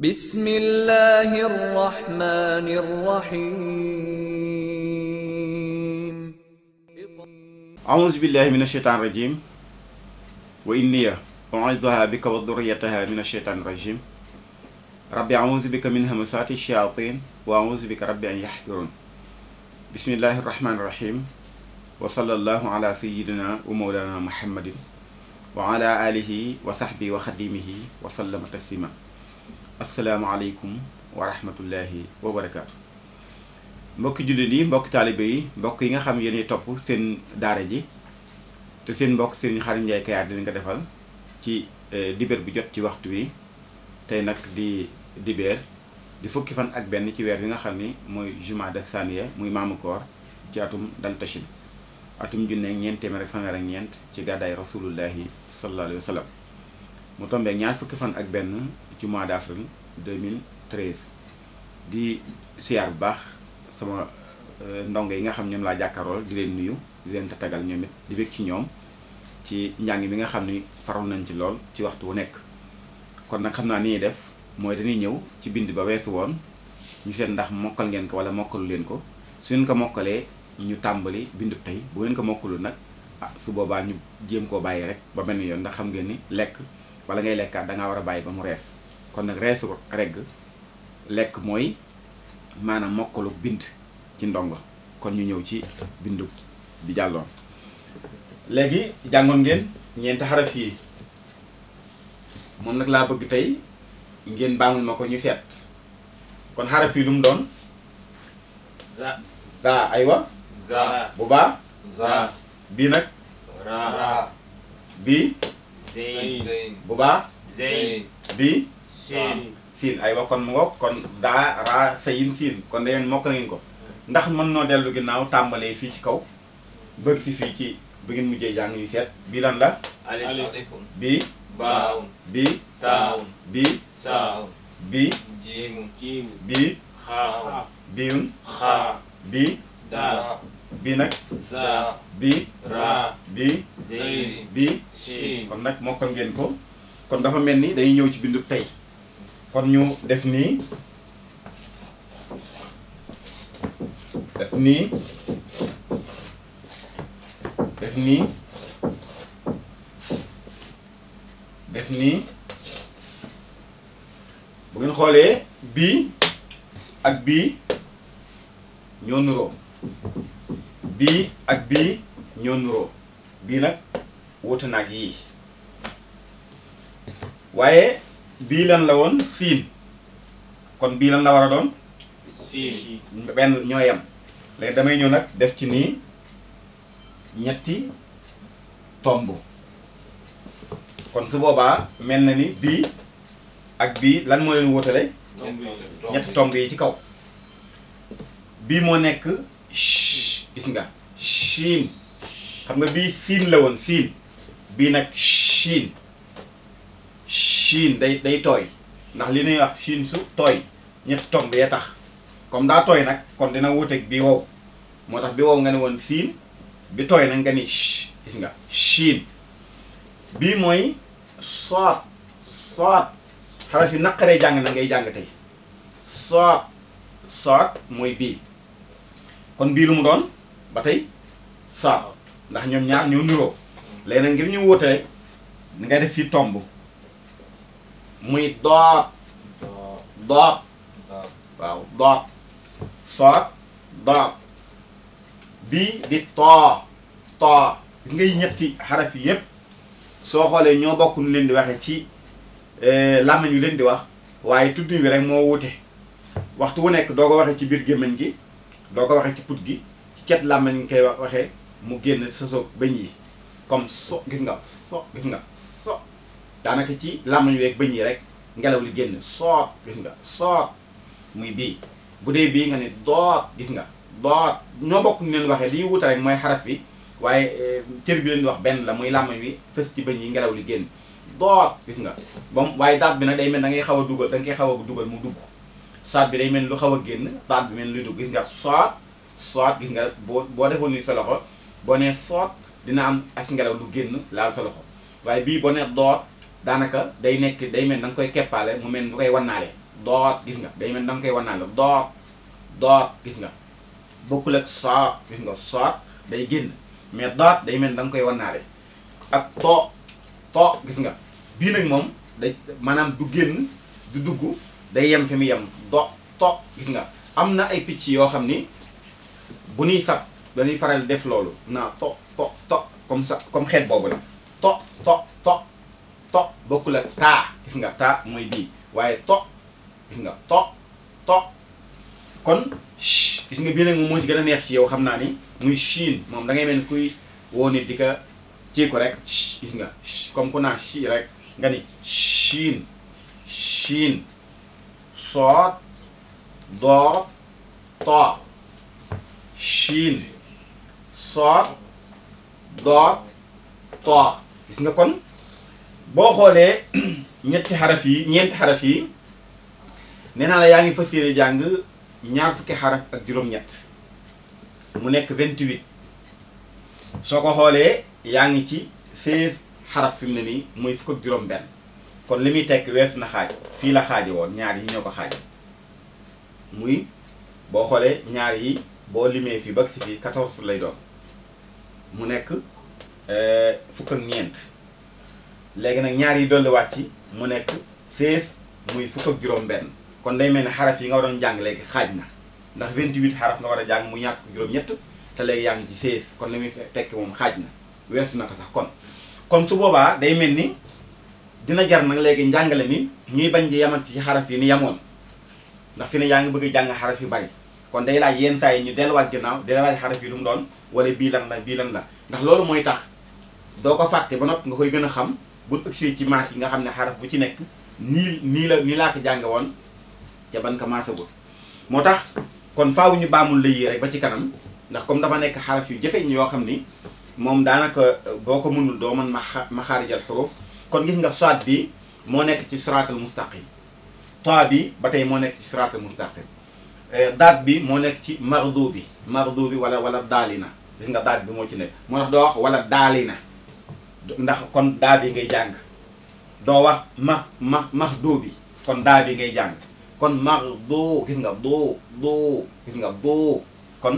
بسم الله الرحمن الرحيم أعوذ بالله من الشيطان الرجيم وإني أعوذها بك وذريتها من الشيطان الرجيم ربي أعوذ بك من همسات الشياطين وأعوذ بك ربي أن يحضرون بسم الله الرحمن الرحيم وصلى الله على سيدنا ومولانا محمد وعلى آله وصحبه وخديمه وسلم تسليما asalaamaaleykum wa rahmatullahi wa barakaatu mbokki jullit yi mbokki taalibe yi mbokk yi nga xam yéenay topp seen daara ji te seen mbokk seen xarit Njaay Kayaar dinañ ko defal ci dibeer bu jot ci waxtu wi tey nag di dibeer di fukki fan ak benn ci weer bi nga xam ni mooy jumaada saniya muy maamu koor ci atum dal atum junne ñeent téeméer ak ak ñeent ci gàddaay rasulullahi sallallahu alayhi wa mu tombé ñaar fukk fan ak ben ci mois d'avril 2013 di siar bax sama euh, ndongo yi nga xamni ñoom laa di len nuyu di len tatagal ñomit di bég ci ñom ci njàng mi nga xamni ni faral nañ ci lool ci waxtu wu nek kon nak xamna ni def moy dañuy ñew ci bind ba weesu woon ñu seen ndax mokal ngeen ko wala mokalu len ko suñ ko mokkalee ñu tambali bindu tay bu ngeen ko mokkalul nak ah, su boba ñu jëm ko rek ba ben yoon ndax xam ngeen ni lek bala ngay lekkaat danga war a bàyyi ba mu rees kon nag reesu regg lekk mooy maanaam mokkalu bind ci ndongo kon ñu ñëw ci bindu bi jàlloon léegi jàngoon ngeen ñeenti xaraf yi moom nag laa bëgg tey ngeen baamul ma ko ñu seet kon xaraf yi lu mu doon za za aywa bu baa bii nag bii zeyn bu baa zeyn bi siin siin ay wa kon mu kon daa raa sayin siin kon da ngeen mokk na ngeen ko ndax mën noo dellu ginnaaw tàmbalee fii ci kaw bëgg si fii ci bi ngeen mujjee jàng yu seet bii lan la bi baaw bi taaw bi saaw bi jiimu jiimu bi xaaw biyun bi daa bi nak za bi ra bi z, bi chi kon nag ngeen ko kon dafa ni ci bindu tay kon ñu def ni def ni def bu bii ak bii ñoo nuroo bii nag wuute naag yii waaye bii lan la woon siin kon bii lan la war a doon siin benn ñoo yem léegi damay ñëw nag def ci nii ñetti tomb kon su boobaa mel na ni bii ak bii lan moo leen wóotale ñetti tomb yi ci kaw bii moo nekk gis nga shiin xam nga bii siin la woon siin bii nag shiin shiin day day tooy ndax li ñuy wax shiin su tooy ñett tomb yee tax comme daa tooy nag kon dina wuuteeg bi wow moo tax bi wow nga ne woon siin bi tooy nag nga ni gis nga shiin bii mooy soot soot xaraf yu naqaree jàng na ngay jàng tey soot soot mooy bii kon bi lu mu don batay sa ndax ñom ñaar ñu nuro leena ngir ñu wote ni ngay def fi tomb muy so do waaw do soot doot bi di to to ngay ñetti harafi yeb so soo ño bokku ñu leen di waxe ci eh, làmmiñ yu leen di wax waye tuddu bi rek mo wute waxtu wu nek do ko waxe ci bir gémmiñ gi doo ko waxee ci put gi ci cet làmmiñ ñu koy waxee mu génn sa soog bëñ yi comme so gis nga so gis nga so ci làmmiñ weeg bëñ yi rek ngelaw li génn soot gis nga soot muy bii bu dee bii nga ne doot gis nga doot ñoo bokk ñu leen waxee li wuta rek mooy xaraf bi waaye eh, cër bi leen wax benn la muy làmmiñ wi fës ci bëñ yi ngelaw li génn doot gis nga moom waaye daat bi nag day mel da ngay xaw a dugal da nga koy xaw a dugal mu dugg soit bi day mel lu xaw a génn soit bi mel luy dugg gis nga soit soit gis nga boo boo defoon ni sa loxo boo nee soit dina am as ngelaw lu génn laal sa loxo waaye bii boo nee doot daanaka day nekk day mel da nga koy keppaale mu mel nga koy wannaale doot gis nga day mel da koy wannaale doot doot gis nga bokkul ak soit gis nga soit day génn mais doot day mel da nga koy wannaale ak to to gis nga bii nag moom day maanaam du génn du dugg day yem fi mu yem do to gis nga am na ay picc yoo xam ni bu ñuy sab dañuy faral def loolu naa to to to comme ça comme xeet boobu la to to to to bokkul ak taa gis nga taa mooy bii waaye to gis nga to to kon gis nga bii nag moom moo ci gën a neex ci yow xam naa ni muy chiin moom da ngay mel kuy woo nit di ko ci ko rek gis nga comme ku naa chi rek nga ni chiin chiin صاد ضاد طاء شين صاد ضاد طاء gis nga kon boo xoolee ñetti xaraf yi ñeenti xaraf yi nee naa la yaa ngi fas yéene jàng ñaar fukki xaraf ak juróom-ñett mu nekk 28 soo ko xoolee yaa ngi ci 16 xaraf fi mu ne nii mooy fukk ak juróom-benn. kon li muy tekki weesu na xaaj fii la xaaj woon ñaar yi ñoo ko xaaj muy boo xoolee ñaar yi boo limee fii ba si fii 14 lay doon mu nekk euh, fukk ak ñeent léegi nag ñaar yi dolliwaat ci mu nekk 16 muy fukk ak juróom-benn kon day mel ni xaraf yi nga waroon jàng léegi xaaj na ndax 28 xaraf nga war a jàng mu ñaar fukk juróom-ñett te léegi yaa ngi ci 16 kon li muy tekki moom xaaj na weesu na ko sax kon kon su boobaa day mel ni. dina jar nak legi njàngale mi ñuy bañ ci yaman ci xaraf yi ni yamoon ndax fi ne yaa ngi bëgg jang xaraf yu bari kon day laaj yeen saa ñu ñu delluwaat ginaaw day laaj xaraf yi lu mu doon wala bi lan la bi lan la ndax loolu mooy tax doo ko fàtte ba nopp nga koy gën a xam bu ëgsee ci maas yi nga xam ne xaraf bu ci nekk ni ni la ni laa ko jànge woon ca ban commencé gut moo tax kon faaw ñu baamul lay yi rek ba ci kanam ndax comme dafa nekk xaraf yu jafeñ yoo xam ni moom daanaka boo ko mënul doo man ma maxaarij xuruf kon gis nga soit bi mo nekk ci siraatal mustaqim toi bi ba tey moo nekk ci siraatal mustaqim daat bi moo nekk ci mardu bi wala wala daalina gis nga daat bi moo ci nekk moo tax doo wax wala daalina ndax kon daa bi ngay jàng doo wax ma ma mardu kon daa bi ngay jàng kon mardu gis nga doo doo gis nga doo kon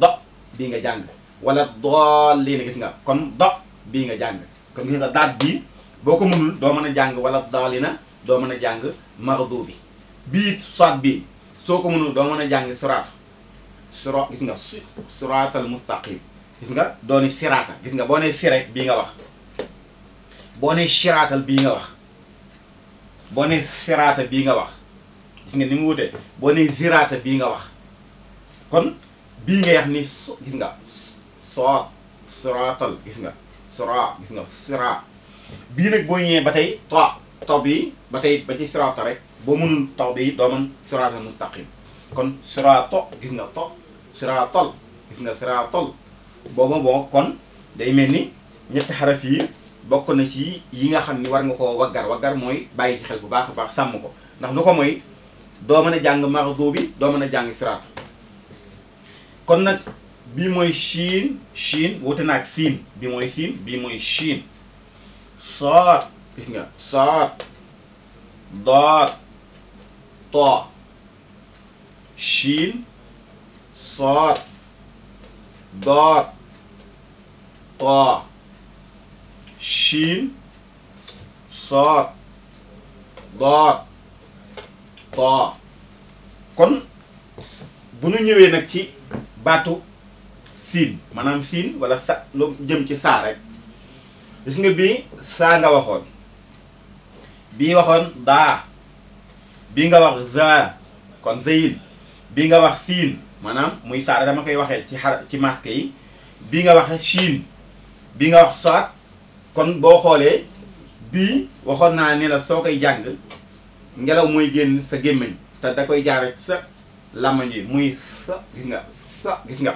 do bi nga jàng wala doolina gis nga kon do bi nga jàng kon gis nga daat bi boo ko mënul doo mën a jàng wala daalina doo mën a jàng mardu bi bii soit bii soo ko mënul doo mën a jàng suraatu sura gis nga suraatal mustaqim gis nga doo ni siraata gis nga boo nee sirek bii nga wax boo nee siraatal nga wax boo nee siraata bii nga wax gis nga ni mu wutee boo nee ziraata bii nga wax kon bii nga yax ni gis nga soot suraatal gis nga sura gis nga sira bii nag boo ñëwee ba tey trois taw bi ba tey ba ci sirata rek boo mënul taw bi doo mën sirata mustaqim kon sirato gis nga to siratol gis nga siratol booba bon kon day mel ni ñetti xaraf yi bokk na ci yi nga xam ni war nga ko waggar waggar mooy bàyyi ci xel bu baax a baax sàmm ko ndax lu ko mooy doo mën a jàng mardo bi doo a jàng sirat kon nag bii mooy shiin shiin wute naag siin bi mooy siin bii mooy shiin sọt nhỉ sọt đọt tọ shin sọt đọt tọ shin sọt đọt tọ kon bu ñu ñëwee nag ci baatu siin maanaam siin wala sa lu jëm ci saa rek gis nga bii saa nga waxoon bii waxoon daa bii nga wax za kon zeyil bii nga wax siin maanaam muy saara dama koy waxee ci xar ci masque yi bii nga wax chiin bii nga wax soit kon boo xoolee bii waxoon naa ne la soo koy jàng ngelaw mooy génn sa gémmiñ te da koy jaar rek sa làmmiñ yi muy sa gis nga sa gis nga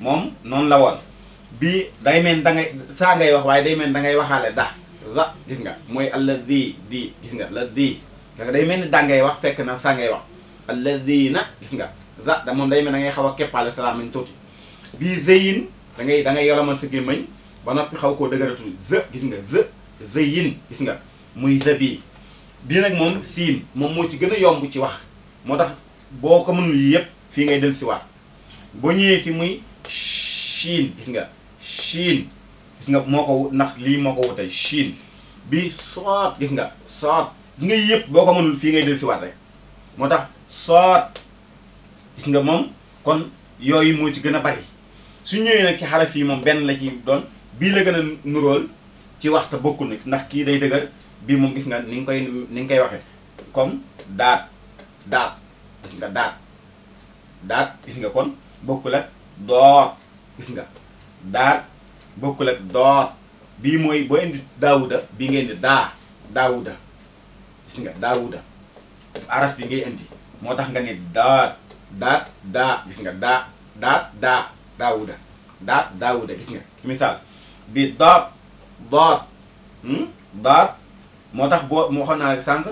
moom noonu la woon bi day mel da ngay saa ngay wax waaye day mel da ngay waxaale da la gis nga mooy alladi di gis nga la di danga day mel ni da ngay wax fekk na saa ngay wax alladi na gis nga za da moom day mel da ngay xaw a keppaale salaamin tuuti bii zeyin da ngay da ngay yolamal sa gémmañ ba noppi xaw koo dëgëratul ze gis nga ze zeyin gis nga muy ze bii bii mom moom mom moom moo ci gën a yomb ci wax moo tax boo ko mënul yëpp fii ngay dellusiwaat boo ñëwee fi muy shiin gis nga shiin gis nga moo ko ndax lii moo ko wutee shiin bi soot gis nga soot gis nga yëpp boo ko mënul fii ngay dellu si waat moo tax soot gis nga moom kon yooyu moo ci gën a bari su ñëwee nag ci moom benn la ci doon bii la gën a nuróol ci waxta bokku nag ndax kii day dëgër bii moom gis nga ni nga koy ni nga koy waxee comme daat daat gis nga daat daat gis nga kon bokkul ak doot gis nga dar bokul ak do bi moy bo indi Dawuda, bi ngeen indi daa gis nga daawuda araf bi ngeen indi motax nga ne da, da, da, gis nga da da da daawuda da daawuda gis nga misal bi hmm? da, da, hmm, da, motax bo mo xona ak sank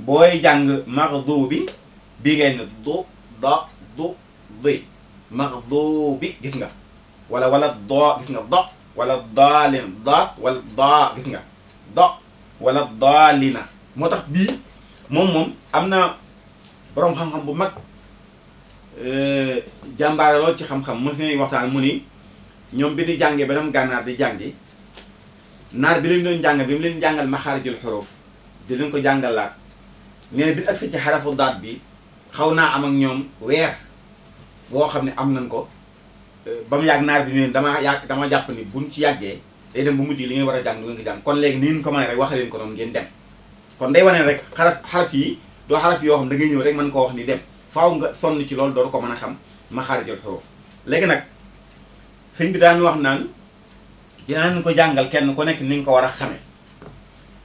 boy jang maghdubi bi ngeen do du do du di gis nga wala wala doo gis nga do wala daalin do wala do gis nga do wala daalina moo tax bii moom moom am na boroom xam-xam bu mag euh, jàmbaare lool ci xam-xam mos nañu waxtaan mu ni ñoom bi ñu jàngee ba dem gànnaar di jàngi naar bi leen doon jàngal bi mu leen jàngal maxaarijul xuruf di leen ko jàngalaat nee na bi ñu agsi ci xarafu daat bi xaw naa am ak ñoom weer boo xam ne am nañ ko ba mu yàgg naar bi ne dama yàgg dama jàpp ni buñ ci yàggee day dem bu mujj li ngeen war a jàng lu ngeen ko kon léegi ni ngeen ko wax leen ko noonu ngeen dem kon day wane rek xaraf xaraf yi doo xaraf yoo da ngay ñëw rek mën koo wax nii dem faw nga sonn ci loolu dooru ko mën a xam maxaarijul xuruuf léegi nag sëñ bi daan wax naan dinaan ko jàngal kenn ku nekk ni ko war a xame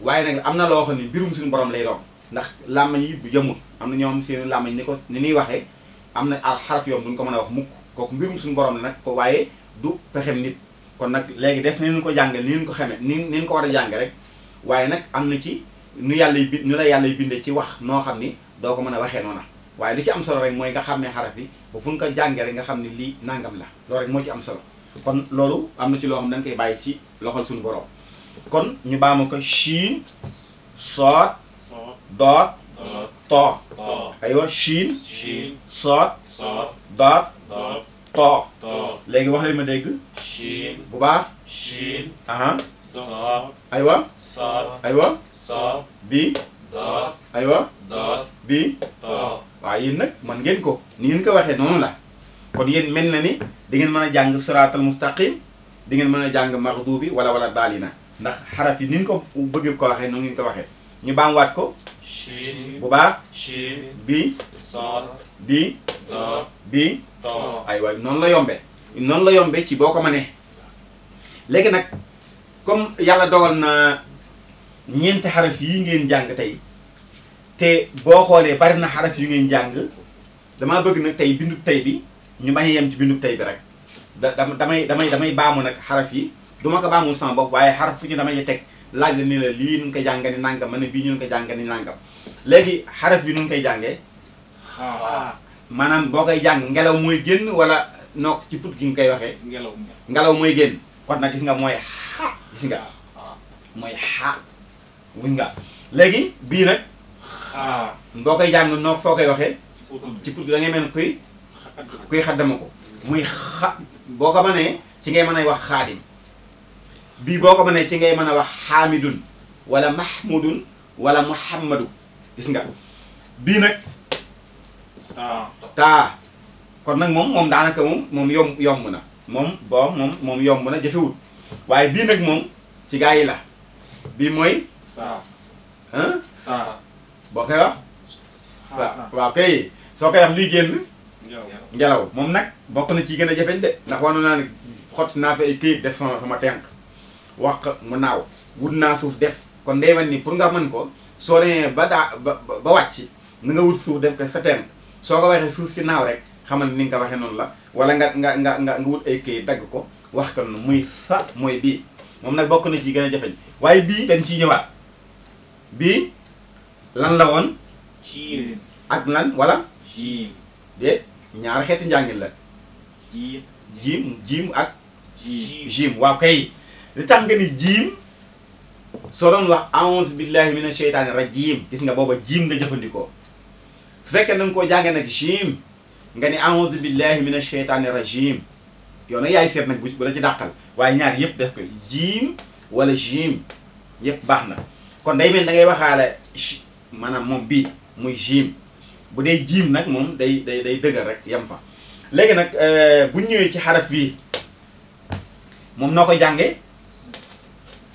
waaye nag am na loo xam ne mbirum suñu borom lay doon ndax làmmañ yi bu jëmul am na ñoo xam seen làmmañ ko ni ñuy waxee am na xaraf yoom duñ ko mën a wax mukk kooku mbirum suñu borom la nag ko waaye du pexem nit kon nag léegi def nañu ko jàngal ni ñu ko xamee ni ni ko war a jàng rek waaye nag am na ci nu yàlla bi nu la yàlla bindee ci wax noo xam ni doo ko mën a waxee noona waaye lu ci am solo rek mooy nga xàmmee xaraf yi ba fu ñu ko jàngee rek nga xam ni lii nangam la loolu rek moo ci am solo kon loolu am na ci loo xam dañ koy bàyyi ci loxol suñu borom kon ñu baamu ko shiin soot doot too aywa too léegi wax leen ma dégg shiin bu baax shiin aha saad aywa saad aywa saad bi daal aywa daal bi taa waaw nag man ngeen ko ni ngeen ko waxee noonu la kon yéen mel na ni di ngeen mën a jàng siraatal mustaqim di ngeen mën a jàng maxduubi wala wala daalina ndax xaraf yi ni ñu ko bëgg ko waxee noonu ngeen ko waxee ñu baamwaat ko bu baax bi saad bii bii ay waay noonu la yombe noonu la yombe ci boo ko mënee léegi nag comme yàlla dogal na ñeenti xaraf yi ngeen jàng tey te boo xoolee bari na xaraf yu ngeen jàng damaa bëgg nag tey bindub tey bi ñu bañ a yem ci bindub tey bi rek da damay damay damay baamu nag xaraf yi du ma ko baamul sama bopp waaye xaraf fu ñu damay teg laaj la ni la lii nu ngi koy jàngani nàngam ma ne bii ñu ngi koy jàngani nàngam léegi xaraf bi nu ngi koy jàngee Ah. maanaam boo koy jàng ngelaw mooy génn wala nokk ci put gi nga koy waxee. ngelaw ngelaw mooy génn kon nag gis nga mooy xaa gis nga. Ah. mooy xaa wuñ nga léegi bii nag. xaa ah. boo koy jàng nokk foo koy waxee. ci put gi da ngay mel kuy. kuy xaddama ko. muy xa boo ko mënee ci ngay mën a wax xaadim bii boo ko mënee ci ngay mën a wax xaamidun wala mahmudun wala muhammadu gis nga bii nag. ta kon nag moom moom daanaka moom moom yomb yomb na yom bon moom moom yomb na jafewut waaye bii nag moom ci gaa yi la bii mooy. saa saa boo koy wax. waaw kay soo koy wax luy génn. ngelaw moom nag bokk na ci gën a jafeñ de ndax wanu naa ne xott naa fi ay këyit def sama sama tenk wax mu naaw wut naa suuf def kon day wan ni pour nga mën ko soo nee ba daa ba ba wàcc na nga wut suuf def ko sa tenk soo ko waxee suuf si naaw rek xamal ni nga waxee noonu la wala nga nga nga nga wut ay këyit dagg ko wax ko nu muy fa mooy bii moom nag bokk na ci gën a jafeñ waaye bii dañ ciy ñëwaat bii lan la woon jiim ak lan wala jiim de ñaar xeeti njàngin la jiim jiim jiim ak jiim waaw kay li tax nga ni jiim soo doon wax a'uuzu billahi mina sheytaani rajiim gis nga booba jiim nga jëfandikoo fekk fekkee nanga koo jàngee nag jiim nga ni a'udhu billahi minash shaytanir rajim yow nag yaay seet nag bu la ci dàqal waaye ñaar yëpp def ko jim wala jim yëpp baax na kon day mel da ngay waxaale maanaam moom bii muy jim bu dee jim nag moom day day day dëgër rek yam fa léegi nag bu ñëwee ci xaraf bii moom noo koy jàngee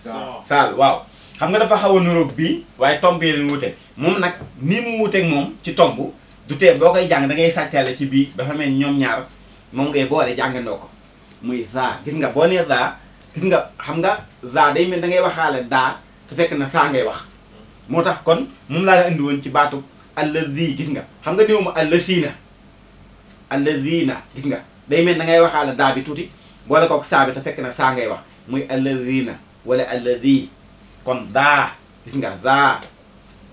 saal waaw xam nga dafa xaw a nuroog bii waaye tomb yi leen wute moom nag ni mu wuteeg moom ci tomb du tee boo koy jàng da ngay sàccaale ci bii dafa mel ñoom ñaar moom ngay boole jàngandoo ko muy za gis nga boo nee za gis nga xam nga za day mel da ngay waxaale daa su fekk na saa ngay wax moo tax kon moom laa la indi woon ci baatu allazi gis nga xam nga néew ma allazina allazina gis nga day mel da ngay waxaale daa bi tuuti boole kook saa bi te fekk na saa ngay wax muy allazina wala allazi kon daa gis nga daa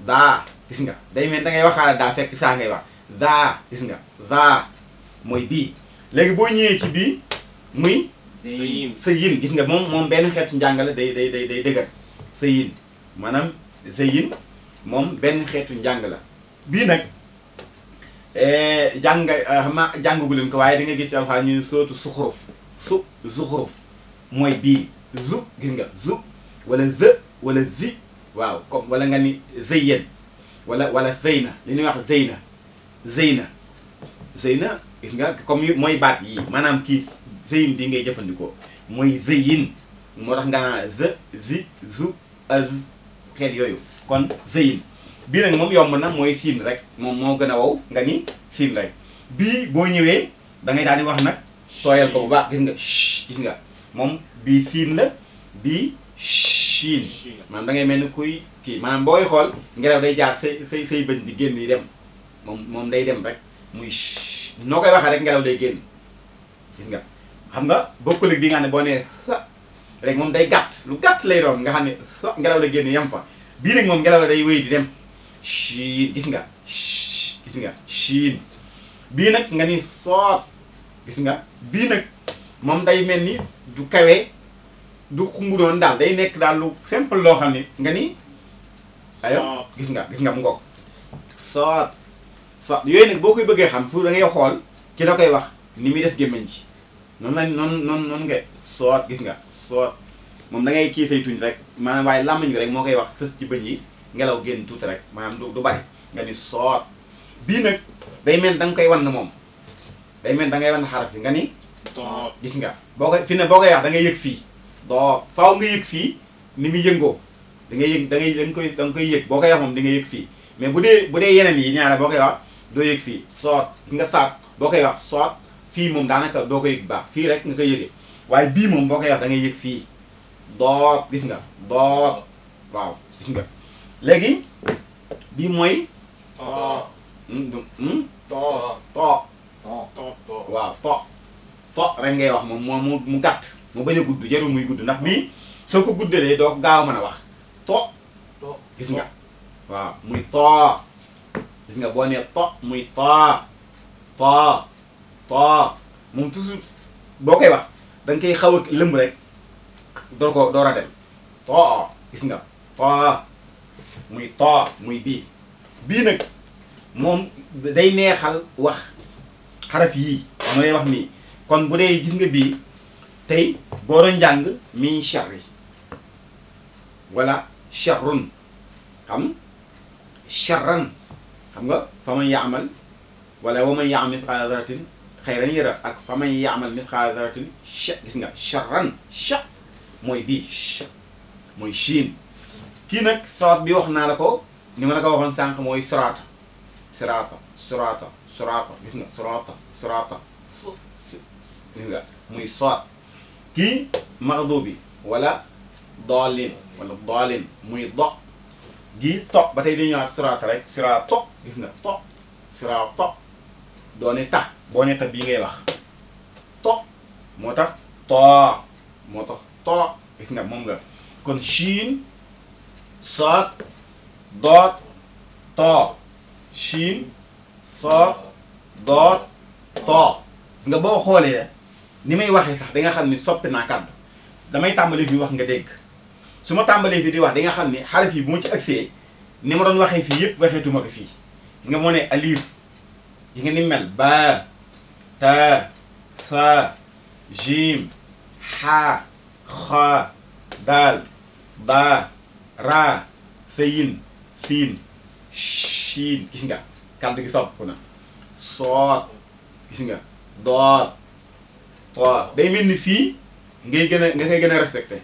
daa gis nga day mel da ngay waxaale daa fekk saa ngay wax daa gis nga daa mooy bii léegi boo ñëwee ci bii muy sa yin gis nga moom moom benn xeetu njàngale day day day day dëgër sa yin maanaam sa yin moom benn xeetu njàng la bii nag eh, jàng ah, ma jàngagu leen ko waaye da nga gis ci alxames ñu sootu suxuruf su zuxuruf mooy bii zu gis nga zu wala zë wala zi waaw comme wala nga ni zayyan wala wala zeyna li ñuy wax zeyna zeyna zeyna gis nga comme mooy baat yi maanaam kii zeyin bi ngay jëfandikoo mooy zeyin moo tax nga naa ze zi zu az xeet yooyu kon zeyin bii nag moom yomb na mooy siin rek moom moo gën a wow nga ni siin rek bii boo ñëwee da ngay daal di wax nag tooyal ko bu baax gis nga gis nga moom bii siin la bii Chine man da ngay mel ni kuy kii maanaam booy xool ngelaw day jaar say say say bëñ di génn yi dem moom moom day dem rek muy noo koy waxee rek ngelaw day génn gis nga xam nga bokkul ak bi nga xam ne boo nee moom day gàtt lu gàtt lay nga xam ne ngelaw la génn yem fa bii rek moom ngelaw day wéy di dem Chine gis nga gis nga Chine bii nag nga ni soot gis nga bii nag moom day mel ni du kawee du xumbu doon daal day nekk daal lu simple loo xam ne nga ni. ay gis nga gis nga mu ngoog. soot soot yooyu nag boo koy bëggee xam fu da ngay xool ki la koy wax ni muy def gémmañ ci noonu lañ noonu noonu noonu nga soot gis nga soot moom da ngay kii say tuñ rek maanaam waaye làmmiñ ko rek moo koy wax sës ci bëñ yi ngelaw génn tuuti rek maanaam du du bari nga ni soot bii nag day mel da nga koy wan moom day mel da ngay wan xaraf yi nga ni. gis nga boo koy fi ne boo koy wax da ngay yëg fii. doo faaw nga yëg fii ni muy yëngoo da ngay yëg da ngay da nga koy da nga koy yëg boo koy wax moom da ngay yëg fii mais bu dee bu dee yeneen yi ñaare boo koy wax doo yëg fii soot nga saat boo koy wax soot fii moom daanaka doo ko yëg baax fii rek nga koy yëgee waaye bii moom boo koy wax da ngay yëg fii doot gis nga doot waaw gis nga léegi bii mooy hmm, hmm? to to waaw to to rek ngay wax moom moo mu gàtt mu bañ a gudd jarul muy gudd nag mii soo ko guddalee doo gaaw mën a wax to to gis nga waaw muy too gis nga boo nee to muy too too too moom toujours boo koy wax da nga koy xaw a rek door ko door a dem too gis nga too muy too muy bii bii nag moom day neexal wax xaraf yii mu lay wax nii kon bu dee gis nga bii تي بورنجانغ من شر ولا شرن كم شرن كم فمن يعمل ولا ومن يعمل مثقال ذرة خيرا يرى أك فمن يعمل مثقال ذرة شر قسنا شرن ش موي بي ش موي شين كينك صوت بيوخ نالكو نمالك وخن سانك موي سراطة سراطة سراطة سراطة قسنا سراطة سراطة موي س kii maxdubi wala doolin wala doolin muy do gii to ba tey di ñëwaat siraat rek to gis nga to siraat to doone tax boo ne tax bii ngay to moo tax too moo tax too gis nga moom nga kon shiin soot doot too shiin soot doot too gis nga boo xoolee ni may waxee sax da nga xamni ni soppi na kaddu damay tambali fi wax nga deg suma tambali fi di wax da nga xamni ni yi bu mu ci agsee ni ma don waxe fi yep ko fi nga mo ne alif yi nga ni mel ba ta fa jim ha kha dal ba ra sayin fin shin. gis nga kaddu gi sopp na sot gis nga Dot. waaw day mel ni fii ngay gën a nga koy gën a respecté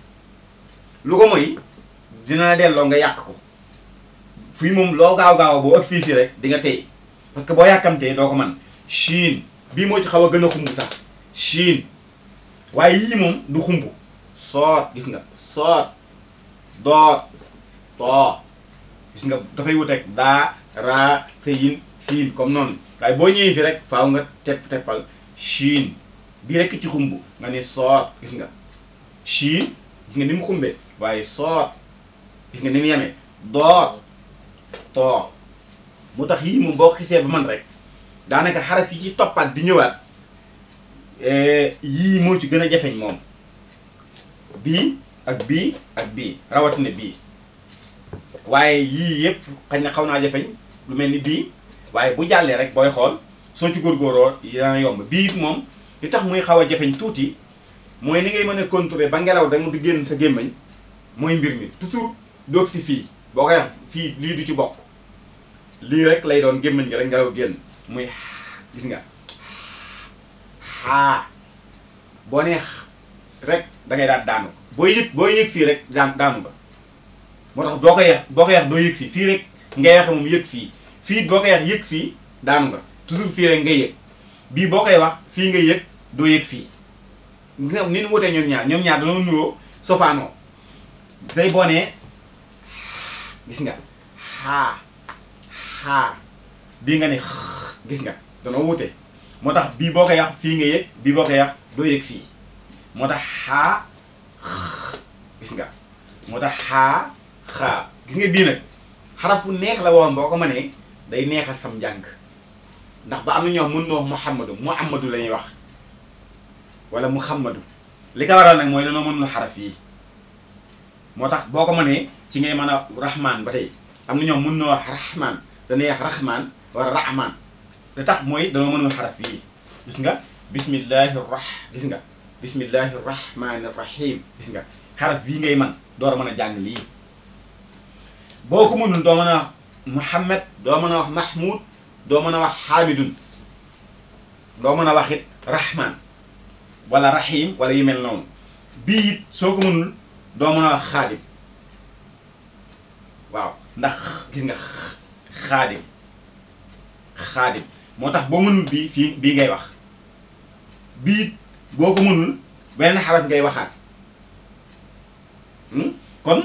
lu ko mooy dinaa delloo nga yàq ko fii moom loo gaaw gaaw boo ak fii fii rek di nga tey parce que boo yàkkamtee doo ko man Chine bii moo ci xaw a gën a xumb sax Chine waaye yii moom du xumb soot gis nga soot doot too gis nga dafay wuteeg daa raa sëyin siin comme noonu waaye boo ñëwee fi rek faaw nga tepp teppal Chine bii rekk ci xumb nga ni soot gis nga shiin gis nga ni mu xumbe waaye soot gis nga ni mu yemee doot too moo tax yii moom boo xisee ba man rek daanaka xaraf yi ci toppaat di ñëwaat eh, yii moo ci gën a jafeñ moom bii ak bii ak bii rawatina bii waaye yii yëpp xañ na xaw naa jafeñ lu mel ni bii waaye bu jàllee rek booy xool soo ci góorgóoroo dana yomb bii moom li tax muy xaw a jafeñ tuuti mooy ni ngay mën a contrôler ba ngelaw da nga génn sa gémmañ mooy mbir mi toujours doog si fii boo koy wax fii lii du ci bokk lii rek lay doon gémmañ gi rek ngelaw génn muy gis nga xaa boo neex rek dangay ngay daal daanu boo yëg boo yëg fii rek daan daanu ba moo tax boo ko yeex boo ko yeex doo yëg fii fii rek nga yeexe moom yëg fii fii boo ko yeex yëg fii daanu nga toujours fii rek ngay yëg bii boo koy wax fii ngay yëg do yek fi ngam ni nu wutee ñom ñaar ñom ñaar dañoo nuroo sofaanoo tey day nee gis nga ha ha bi nga ni gis nga da wute moo motax bi boo ko fi nga yek bi boo ko do yek fi motax ha gis nga motax ha xaa gis nga bi nak harafu neex la woon boko mané day neexal sam jang ndax ba am ñoo ñoom mën muhammadu muhammadu lañuy wax wala muhammadu li ka waral nak moy la no mon lu moo tax boo ci ngay mana rahman batay am mën no rahman da neex rahman wala rahman li tax mooy danoo mënul xaraf yi gis nga Bismillahirrahmanirrahim. rah gis nga bismillahir rahmanir rahim gis nga harf yi ngay man door a mën a jàng mënul do mëna muhammad do mëna wax mahmud do mëna wax habidun do mëna waxit rahman wala rahim wala yu mel noonu bii it soo ko mënul doo mën a xaadim waaw ndax gis nga xaadim xaadim moo tax boo mënul bii fii bii ngay wax bii it boo ko mënul beneen xaraf ngay waxaat hmm? kon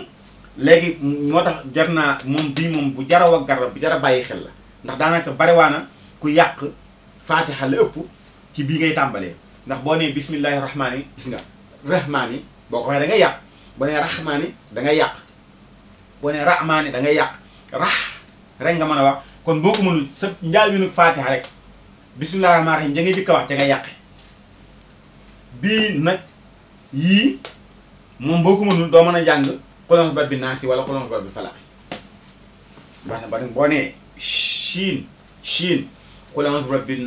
léegi moo tax jar naa moom bii moom bu jara wa garab bu jara bàyyi xel la ndax daanaka barewaana ku yàq faatixa la ëpp ci bii ngay tàmbalee ndax bo nee bismillahir rahmani, gis nga rahmani boko ko da nga yàq bo nee rahmani da nga yàq bo nee rahmani da nga yàq rah rek nga mëna wax kon boko mënul sa ndal mi nag fatiha rek bismillahir rahmani rahim ja ngay jëkk wax ja ngay yàqe bii nag yii moom boo mënul do mëna jang qulun rabbi nasi wala qulun rabbi falaq baax ba boo nee chiin shin xulon ba bi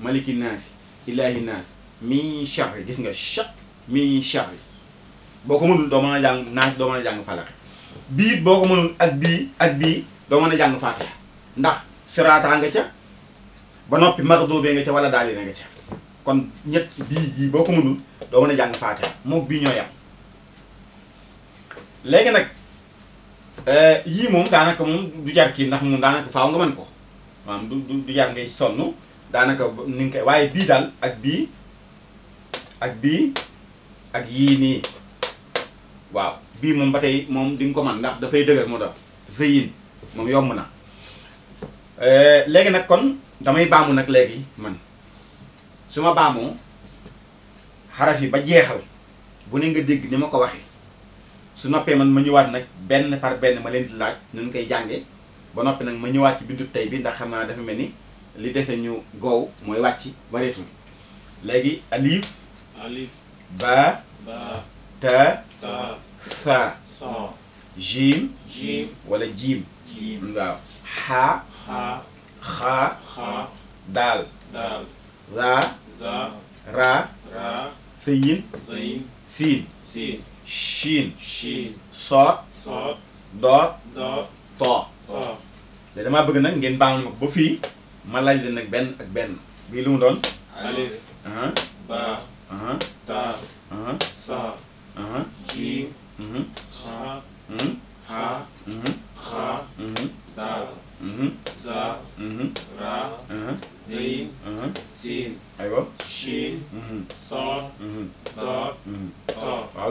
maliki nasi ilahi nasi min charri gis nga chaq min charri boo ko mënul doo mën a jàng naaj doo mën a jàng falaq bii boo ko mënul ak bii ak bii doo mën a jàng faatiha ndax siraataa nga ca ba noppi magdoobee nga ca wala daali na nga ca kon ñett bii bii boo ko mënul doo mën a jàng faatiha moom bii ñoo yam léegi nag euh, yii moom daanaka moom du jar kii ndax moom daanaka faaw nga mën ko maanaam du du jar ngay sonn daanaka ni nga koy waaye bii daal ak bii ak bii ak yii nii waaw bii moom ba tey moom di ko man ndax dafay dëgër moo tax zëyin moom yomb na eh, léegi nag kon damay baamu nag léegi man su ma baamu xaraf yi ba jeexal bu ni nga dégg ni ma ko waxee su noppee man ma ñëwaat nag benn par benn ma leen di laaj ñu koy jànge ba noppi nag ma ñëwaat ci bindu tey bi ndax xam naa dafa mel ni li defe ñu goow mooy wàcc bareetul léegi alif alif ba ba ta jim jim wala jim jim waaw xa xa xa xa daal daal ra ra sëyin sëyin siin siin shin shin soot soot doot doot too too da nag ngeen baal ma ba fii ma laaj leen nag benn ak benn bii lu mu doon alif uh-huh. ba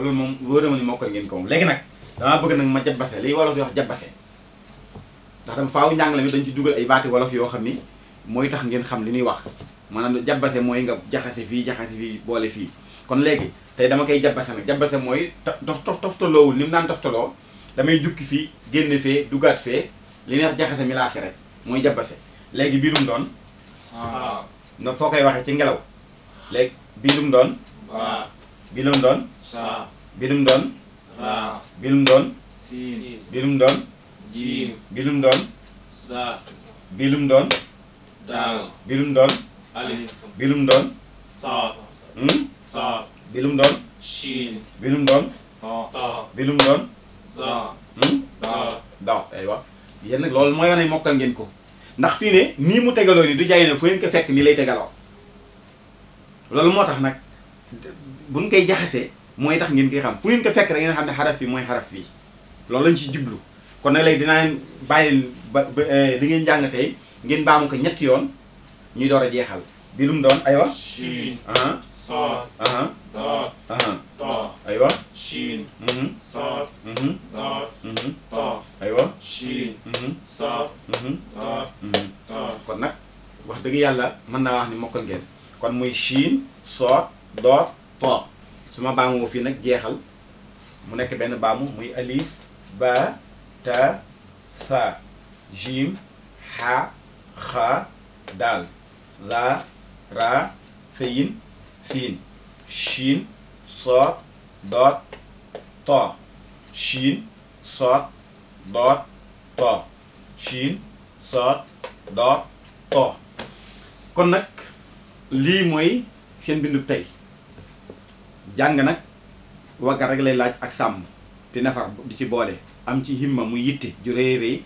waaw loolu moom wóor na ma léegi nag damaa bëgg nag ma jabase liy wolof di wax jabase ndax tam faaw njàngale mi dañ ci dugal ay baati wolof yoo xam ni mooy tax ngeen xam li ñuy wax maanaam jabase mooy nga jaxase fii jaxase fii boole fii kon léegi tey dama koy jabase nag jabase mooy tof tof toftaloowul ni mu naan toloo damay jukki fii génn fee dugaat fee li neex jaxase mi laa fi rek mooy jabase léegi biirum doon. waaw ah. ndax foo koy waxee ci ngelaw léegi bii doon. waaw ah. bilum doon saa bilum doon raa bilum doon siin bilum doon jiim bilum doon saa bilum doon daal bilum doon alif bilum doon saa saa bilum doon shiin bilum doon taa bilum doon saa daal daal aywa mokkal ngeen ko ndax fii ne nii mu tegaloo ni du jaay ne fu ngeen ko fekk nii lay tegaloo loolu moo tax nag buñ koy jaxasee mooy tax ngeen koy xam fu ngeen ko fekk da ngeen xam ne xaraf yi mooy xaraf bi loolu lañ ci jublu kon nag léegi dinaa bàyyi ba eh, li ngeen jàng tey ngeen ñetti yoon ñuy door a jeexal bi lu mu doon aywa. Chine. soor. doot. too. aywa. Chine. Mhm. Mhm. Mhm. wax dëgg yàlla mën naa wax ni mokkal ngeen kon muy Chine soor doot. to su ma baamoo fii nag jeexal mu nekk benn baamu muy alif ba ta tha jim ha xa daal la ra feyin fiin shin soot doot to shin soot doot to shin soot doot to kon nag lii mooy seen bindu tey jàng nag waggar rek lay laaj ak sàmm di nafar di ci boole am ci himma muy yitte ju rëy rëy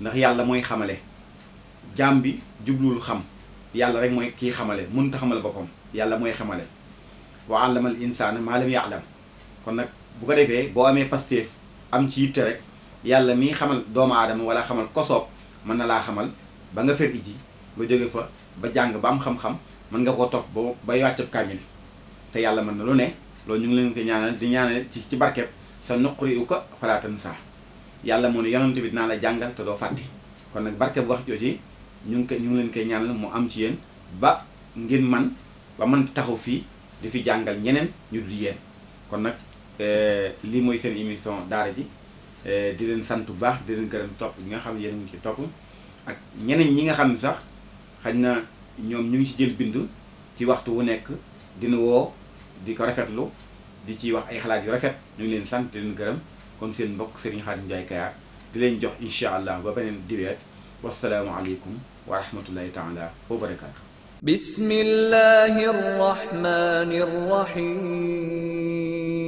ndax yàlla mooy xamale jaam bi jubluwul xam yàlla rek mooy kii xamale mënut a xamal boppam yàlla mooy xamale wa allama al insaana maa lam ya'lam kon nag bu ko defee boo amee pastéef am ci yitte rek yàlla miy xamal doomu aadama wala xamal kosoob mën na laa xamal ba nga fer ji nga jóge fa ba jàng ba am xam-xam mën nga koo topp ba ba wàccab kaamil te yàlla mën na lu ne loolu ñu ngi leen ko ñaanal di ñaanal ci ci barkeb sa nuquri uka falaatan saa yàlla moo ne yonent bi dinaa la jàngal te doo fàtte kon nag barkeb wax jooju ñu ngi ko ñu ngi leen koy ñaanal mu am ci yéen ba ngeen man ba mën taxaw fii di fi jàngal ñeneen ñu dul yéen kon nag euh, lii mooy seen émission daara ji euh, di leen sant bu baax di leen gërëm topp ñi nga xam ne yéen ngi ci topp ak ñeneen ñi nga xam ne sax xañ na ñoom ñu ngi ci jël bindu ci waxtu wu nekk dina woo di ko rafetlu di ci wax ay xalaat yu rafet ñu ngi leen sant di leen gërëm kon seen mbokk Serigne Khadim Ndiaye Kayar di leen jox incha allah ba beneen diweet wasalaamualeykum wa rahmatullahi taala wa barakaatu. bismillahi rahmani rahim.